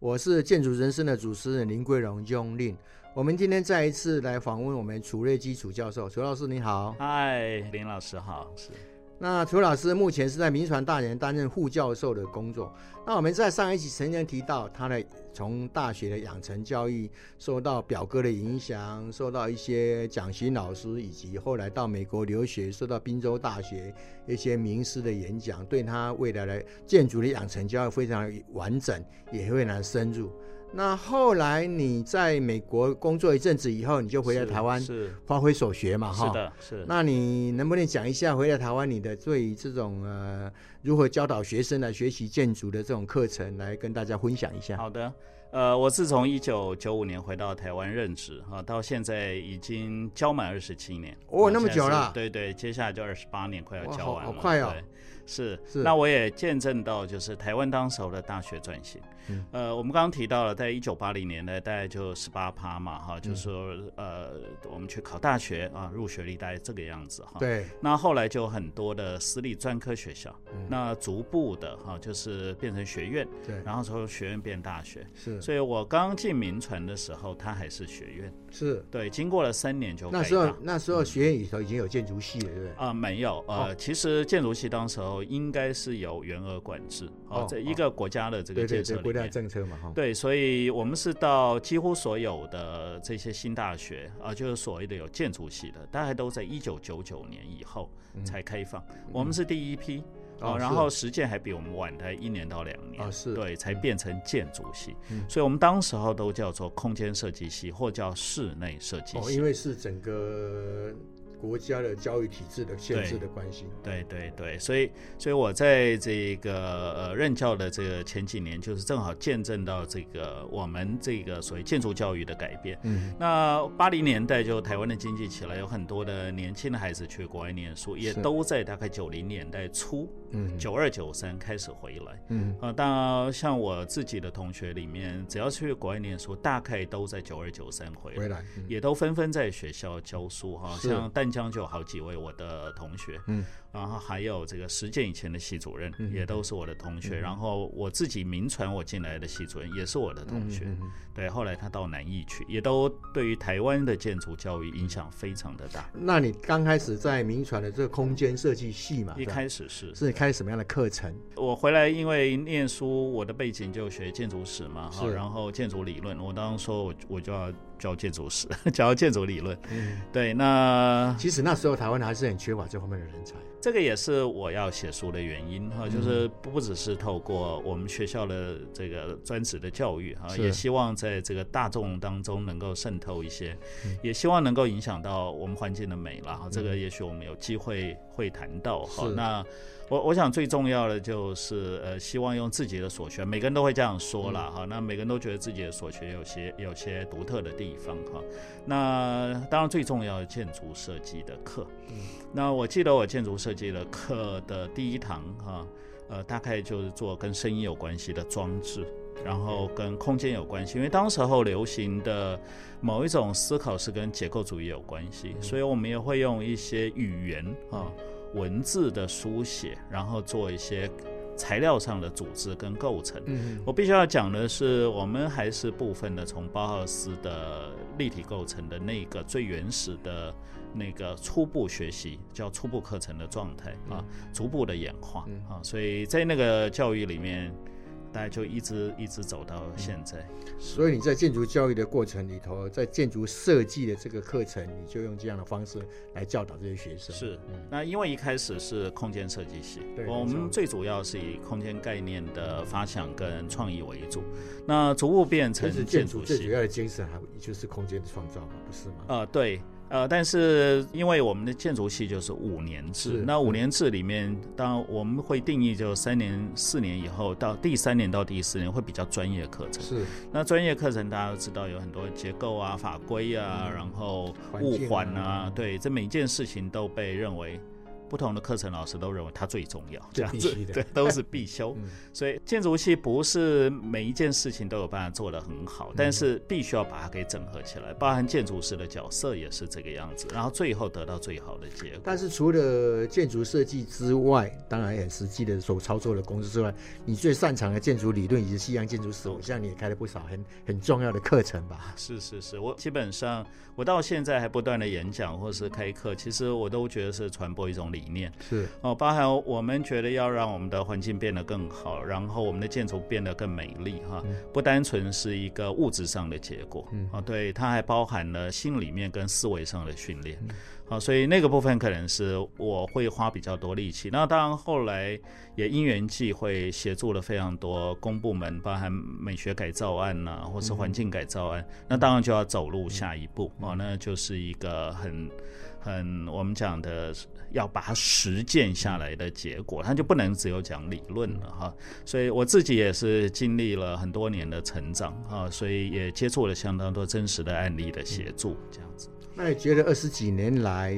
我是建築人生的主持人林桂榮 Yong Lin，我們今天再一次來訪問我們褚瑞基褚教授褚老師，你好，嗨，林老師好，那褚老師目前是在銘傳大學擔任副教授的工作。那我們在上一期曾經提到，他的從大學的養成教育，受到表哥的影響，受到一些講席老師，以及後來到美國留學，受到賓州大學一些名師的演講，對他未來的建築的養成教育非常完整，也非常深入。那後來你在美國工作一陣子以後，你就回到台灣是，是發揮所學嘛？哈，是的，是。那你能不能講一下回到台灣你的最這種呃如何教導學生來學習建築的這種課程來跟大家分享一下？好的，呃，我是從一九九五年回到台灣任職啊，到現在已經教滿二十七年。哦，那麼久了？對對，接下來就二十八年，快要教完了好。好快哦，是。是。是那我也見證到，就是台灣當時的大學轉型。呃，我們剛剛提到了，在一九八零年呢，大概就十八趴嘛，哈，就是說，呃，我們去考大學啊，入學率大概這個樣子哈。對。那後來就很多的私立專科學校，那逐步的哈，就是變成學院。對。然後從學院變大學。是。所以我剛進銘傳的時候，它還是學院。是。對，經過了三年就。那時候，那時候學院裡頭已經有建築系了，對不對？啊，沒有，呃，其實建築系當時候應該是有員額管制。哦。這一個國家的這個建設裡面。政策嘛，哈，對，所以我們是到幾乎所有的這些新大學啊、呃，就是所謂的有建築系的，大概都在一九九九年以後才開放。嗯、我們是第一批，嗯啊、哦，是然後實踐還比我們晚了一年到兩年、啊，是，對，才變成建築系。嗯、所以我們當時候都叫做空間設計系，或叫室內設計系，哦，因為是整個。國家的教育體制的限制的關係，對對對，所以所以我在這個呃任教的這個前幾年，就是正好見證到這個我們這個所謂建築教育的改變。嗯，那八零年代就台灣的經濟起來，有很多的年輕的孩子去國外念書，也都在大概九零年代初，是嗯，九二九三開始回來，嗯，啊，當然像我自己的同學裡面，只要去國外念書，大概都在九二九三回來，回來，嗯，也都紛紛在學校教書哈，像但。將就有好幾位我的同學，嗯。然後還有這個實踐以前的系主任也都是我的同學，然後我自己銘傳我進來的系主任也是我的同學。對，後來他到南藝去，也都對於台灣的建築教育影響非常的大。那你剛開始在銘傳的這個空間設計系嘛？一開始是是開什麼樣的課程？我回來因為念書，我的背景就學建築史嘛，是，然後建築理論。我當時說我我就要教建築史，教建築理論，對，那其實那時候台灣還是很缺乏這方面的人才。這個也是我要寫書的原因哈、啊，就是不只是透過我們學校的這個專職的教育哈、啊、是也希望在這個大眾當中能夠滲透一些，嗯、也希望能夠影響到我們環境的美了哈、啊。這個也許我們有機會會談到哈。那我我想最重要的就是呃，希望用自己的所學，每個人都會這樣說了哈、嗯。那每個人都覺得自己的所學有些有些獨特的地方哈、啊。那當然最重要是建築設計的課，嗯、那我記得我建築設設計了課的第一堂哈、啊、呃，大概就是做跟聲音有關係的裝置，然後跟空間有關係。因為當時候流行的某一種思考是跟結構主義有關係，所以我們也會用一些語言啊、文字的書寫，然後做一些材料上的組織跟構成。嗯、我必須要講的是，我們還是部分的從包豪斯的立體構成的那個最原始的。那個初步學習叫初步課程的狀態、嗯、啊，逐步的演化、嗯、啊，所以在那個教育裡面，大家就一直一直走到現在、嗯。所以你在建築教育的過程裡頭，在建築設計的這個課程，你就用這樣的方式來教導這些學生。是，嗯、那因為一開始是空間設計系，對我們最主要是以空間概念的發想跟創意為主。嗯、那逐步變成建築系是建築最主要的精神還就是空間的創造嗎？不是嗎？啊、呃，對。呃，但是因為我們的建築系就是五年制，嗯、那五年制裡面，當我們會定義就三年、四年以後，到第三年到第四年會比較專業的課程。是，那專業課程大家都知道有很多結構啊、法規啊，嗯、然後物管啊，環啊對，這每一件事情都被認為。不同的課程老師都認為它最重要，這樣子對，對，都是必修。 嗯、所以建築系不是每一件事情都有辦法做得很好，但是必須要把它給整合起來，包含建築師的角色也是這個樣子，然後最後得到最好的結果。但是除了建築設計之外，當然也實際的所操作的工具之外，你最擅長的建築理論以及西洋建築史，我像你也開了不少很很重要的課程吧？嗯、是是是，我基本上我到現在還不斷的演講或是開課，其實我都覺得是傳播一種理。理念是哦，包含我們覺得要讓我們的環境變得更好，然後我們的建築變得更美麗哈，不單純是一個物質上的結果哦，對，它還包含了心裡面跟思維上的訓練。嗯好，所以那個部分可能是我會花比較多力氣。那當然，後來也因緣際會協助了非常多公部門，包含美學改造案吶、啊，或是環境改造案。那當然就要走入下一步，哦，那就是一個很很我們講的要把它實踐下來的結果，它就不能只有講理論了哈。所以我自己也是經歷了很多年的成長啊，所以也接觸了相當多真實的案例的協助，這樣子。那你覺得二十幾年來，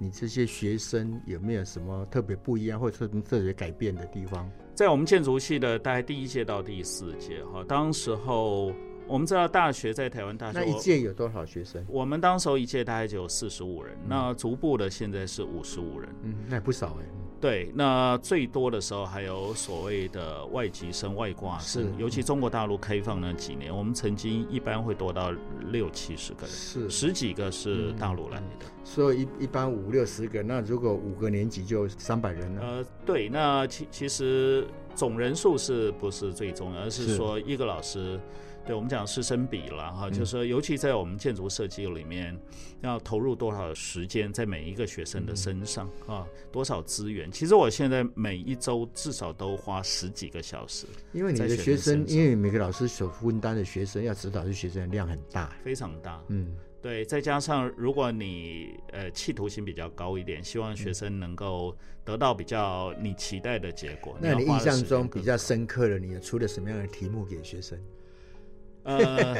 你這些學生有沒有什麼特別不一樣，或者特別改變的地方？在我們建築系的，大概第一屆到第四屆，哈，當時候我們知道大學在台灣大學那一屆有多少學生？我們當時候一屆大概就有四十五人，嗯，那逐步的現在是五十五人，嗯，那也不少誒、欸對，那最多的時候還有所謂的外籍生、外掛生、是、嗯、尤其中國大陸開放那幾年，我們曾經一般會多到六七十個人，是十幾個是大陸來的，嗯、所以一一般五六十個，那如果五個年級就三百人呢？啊？呃，對，那其其實總人數是不是最重要？而是說一個老師。對，我們講師生比了哈，就是說，尤其在我們建築設計裡面，嗯、要投入多少時間在每一個學生的身上啊？嗯、多少資源？其實我現在每一周至少都花十幾個小時。因為你的學生，因為每個老師所分擔的學生要指導的學生，的學生的量很大，嗯，非常大。嗯，對，再加上如果你呃企圖心比較高一點，希望學生能夠得到比較你期待的結果。嗯、你那你印象中比較深刻的，你有出了什麼樣的題目給學生？ 呃，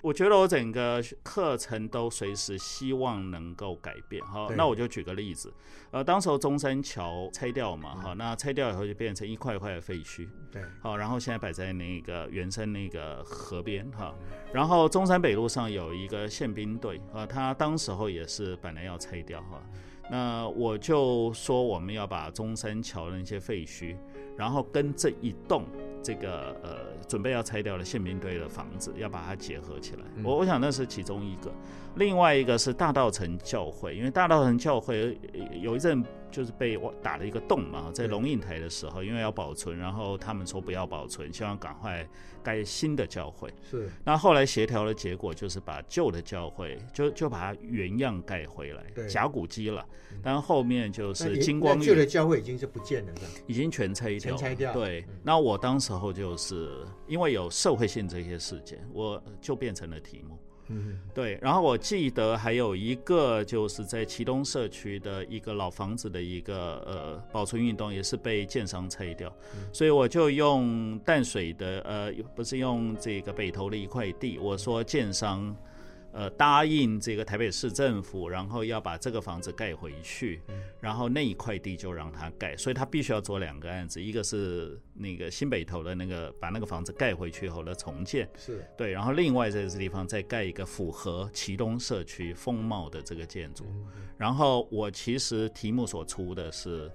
我覺得我整個課程都隨時希望能夠改變哈。對那我就舉個例子，呃，當時候中山橋拆掉嘛哈，那拆掉以後就變成一塊一塊的廢墟，對，好，然後現在擺在那個圓山那個河邊哈。然後中山北路上有一個憲兵隊，呃、啊，他當時候也是本來要拆掉哈。那我就說我們要把中山橋的那些廢墟，然後跟這一棟。這個呃，準備要拆掉的憲兵隊的房子，要把它結合起來。我我想那是其中一個，嗯、另外一個是大稻埕教會。因為大稻埕教會有一陣。就是被我打了一個洞嘛，在龍應台的時候，因為要保存，然後他們說不要保存，希望趕快蓋新的教會。是。那後，後來協調的結果就是把舊的教會就就把它原樣蓋回來，對 假古蹟了。嗯、但後面就是金光。舊的教會已經是不見了的，已經全拆掉。全拆掉。對。嗯、那我當時候就是因為有社會性這些事件，我就變成了題目。嗯， 對。然後我記得還有一個，就是在齊東社區的一個老房子的一個呃保存運動，也是被建商拆掉。 所以我就用淡水的呃，不是用這個北投的一塊地，我說建商。呃，答應這個台北市政府，然後要把這個房子蓋回去，然後那一塊地就讓他蓋，所以他必須要做兩個案子，一個是那個新北投的那個，把那個房子蓋回去後的重建，是對，然後另外在這地方再蓋一個符合旗東社區風貌的這個建築，然後我其實題目所出的是。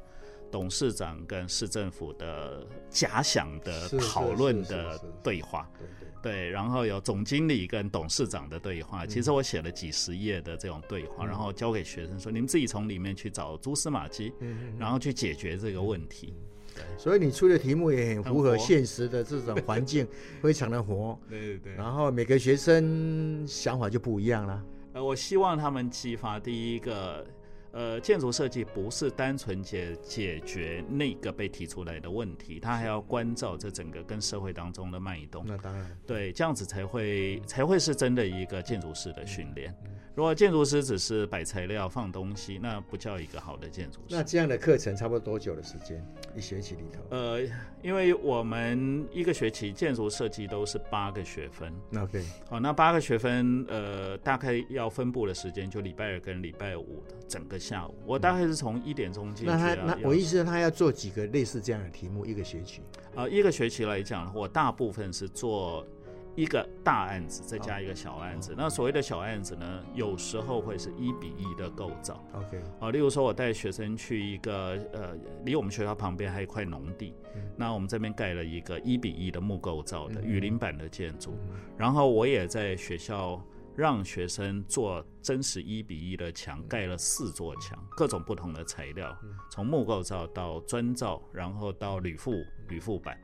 董事長跟市政府的假想的討論的對話，對，然後有總經理跟董事長的對話。其實我寫了幾十頁的這種對話，然後交給學生說，你們自己從裡面去找蛛絲馬跡，然後去解決這個問題。所以你出的題目也很符合現實的這種環境，非常的活。對對對。然後每個學生想法就不一樣了。呃，我希望他們激發第一個。呃，建築設計不是單純解解決那個被提出來的問題，它還要關照這整個跟社會當中的脈動。那當然，對，這樣子才會、嗯、才會是真的一個建築師的訓練。嗯嗯如果建築師只是擺材料、放東西，那不叫一個好的建築師。那這樣的課程差不多多久的時間？一學期裡頭？呃，因為我們一個學期建築設計都是八個學分。OK。好、哦，那八個學分，呃，大概要分布的時間就禮拜二跟禮拜五整個下午。我大概是從一點鐘進去。那他，那我意思，他要做幾個類似這樣的題目？一個學期？呃，一個學期來講的話，我大部分是做。一個大案子再加一個小案子，oh, okay, okay. 那所謂的小案子呢，有時候會是一比一的構造。OK，、啊、例如說，我帶學生去一個呃，離我們學校旁邊還有一塊農地，嗯、那我們這邊蓋了一個一比一的木構造的、嗯、雨淋板的建築，嗯、然後我也在學校讓學生做真實一比一的牆，蓋、嗯、了四座牆，各種不同的材料，從、嗯、木構造到磚造，然後到鋁覆鋁覆板。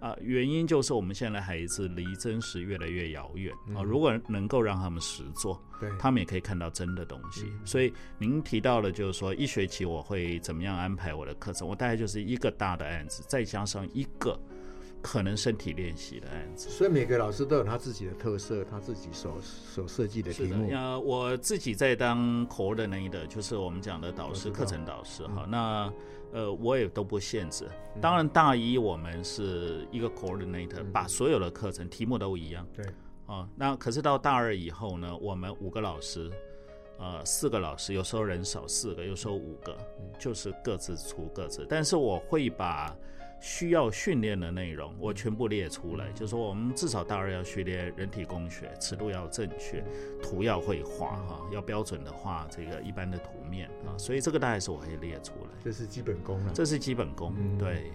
啊，原因就是我們現在孩子離真實越來越遙遠，嗯，啊。如果能夠讓他們實做，對，他們也可以看到真的東西。嗯，所以您提到的就是說一學期我會怎麼樣安排我的課程？我大概就是一個大的案子，再加上一個。可能身體練習的案子，所以每個老師都有他自己的特色，他自己所所設計的題目。呃，我自己在當 coordinator，就是我們講的導師、課程導師哈。嗯、那呃，我也都不限制。嗯、當然，大一我們是一個 coordinator，嗯、把所有的課程、嗯、題目都一樣。對。哦、啊，那可是到大二以後呢，我們五個老師，呃，四個老師，有時候人少四個，有時候五個，嗯、就是各自出各自。但是我會把。需要訓練的內容，我全部列出來。就是說我們至少大二要訓練人體工學，尺度要正確，圖要會畫哈，要標準的畫這個一般的圖面啊。所以這個大概是我可以列出來，這是基本功了。這是基本功，對。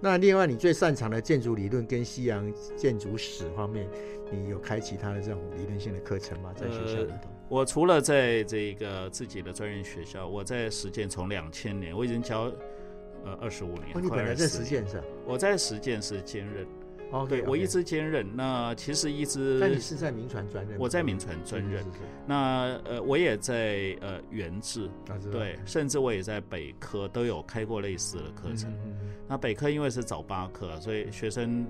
那另外，你最擅長的建築理論跟西洋建築史方面，你有開其他的這種理論性的課程嗎？在學校裡頭，我除了在這個自己的專業學校，我在實踐從兩千年我已經教。呃，二十五年，哦。你本來在實踐上？我在實踐是兼任，哦 Okay, okay.，對我一直兼任。那其實一直。那你是在銘傳專任？我在銘傳專任。是是是。那呃，我也在呃、元智，啊，對，甚至我也在北科都有開過類似的課程。嗯嗯嗯，那北科因為是早八課，所以學生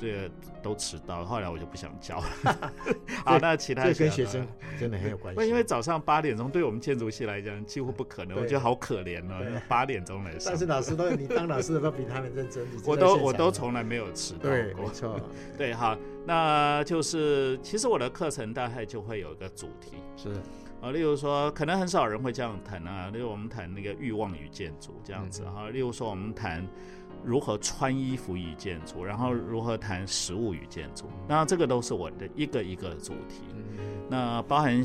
這個都遲到，後來我就不想教了。對好，那其他的跟學生真的很有關係。那因為早上八點鐘對我們建築系來講幾乎不可能，對我覺得好可憐哦，八對點鐘來上。但是老師都你當老師都比他們認真，你就我都我都從來沒有遲到過。對，沒錯。對，好。那就是其實我的課程大概就會有一個主題是。啊，例如說，可能很少人會這樣談啊。例如我們談那個慾望與建築這樣子哈。例如說，我們談如何穿衣服與建築，然後如何談食物與建築。那這個都是我的一個一個主題。那包含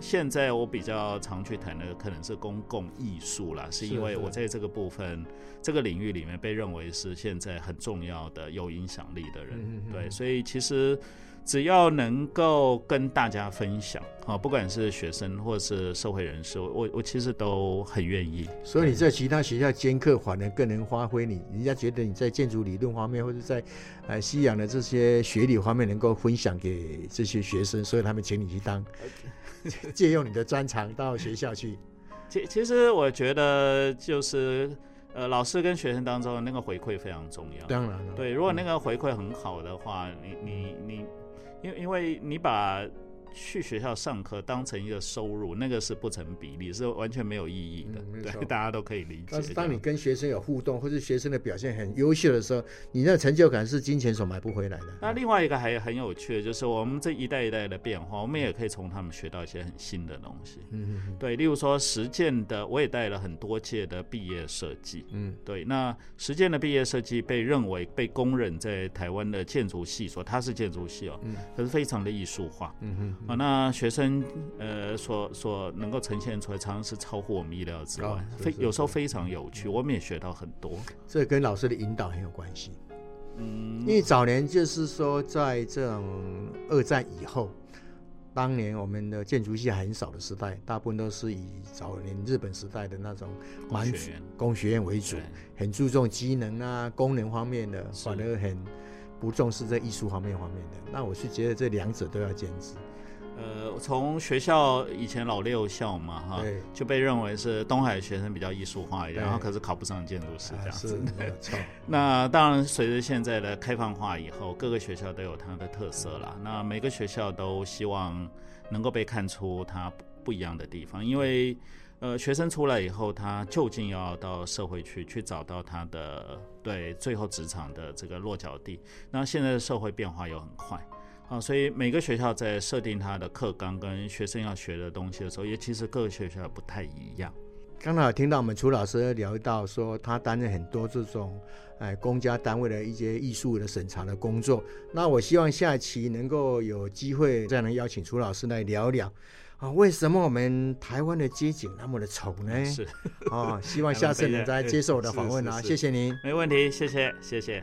現在我比較常去談的，可能是公共藝術啦，是因為我在這個部分是對 這個領域裡面被認為是現在很重要的，有影響力的人。對，所以其實。只要能夠跟大家分享，不管是學生或是社會人士，我我其實都很願意。所以你在其他學校兼課，反而更能發揮你，人家覺得你在建築理論方面或者在，呃，西洋的這些學理方面能夠分享給這些學生，所以他們請你去當， 借用你的專長到學校去。其其實我覺得就是，呃，老師跟學生當中的那個回饋非常重要。當然了，對，如果那個回饋很好的話，你你、嗯、你。你你因因為你把。去學校上課當成一個收入，那個是不成比例，是完全沒有意義的。嗯、對，錯大家都可以理解。但是當，當你跟學生有互動，樣或者學生的表現很優秀的時候，你那成就感是金錢所買不回來的。那、嗯啊、另外一個還很有趣的就是，我們這一代一代的變化，嗯、我們也可以從他們學到一些很新的東西。嗯哼對，例如說實踐的，我也帶了很多屆的畢業設計。嗯，對。那實踐的畢業設計被認為被公認在台灣的建築系，說它是建築系哦，嗯、可是非常的藝術化。嗯哼。啊、哦，那學生呃，所所能夠呈現出來常常是超乎我們意料之外，非、哦、有時候非常有趣，我們、嗯、也學到很多。這跟老師的引導很有關係。嗯，因為早年就是說，在這種二戰以後，當年我們的建築系很少的時代，大部分都是以早年日本時代的那種工學，工學院為主，對很注重機能啊、功能方面的，反而很不重視在藝術方面方面的。是那我是覺得這兩者都要堅持。呃，從學校以前老六校嘛哈，對就被認為是東海學生比較藝術化一點，對然後可是考不上建築師這樣子。那當然，隨着現在的開放化以後，各個學校都有它的特色啦，嗯、那每個學校都希望能夠被看出它不一樣的地方，因為對呃，學生出來以後，他就近要到社會去，去找到他的，對，最後職場的這個落腳地。那現在的社會變化又很快。啊、哦，所以每個學校在設定它的課綱跟學生要學的東西的時候，也其實各個學校不太一樣。剛好聽到我們褚老師聊到說，他擔任很多這種哎公家單位的一些藝術的審查的工作。那我希望下期能夠有機會再能邀請褚老師來聊聊啊，為什麼我們台灣的街景那麼的醜呢？是啊、 哦，希望下次你 再接受我的訪問啊，是是是啊，謝謝您。沒問題，謝謝，謝謝。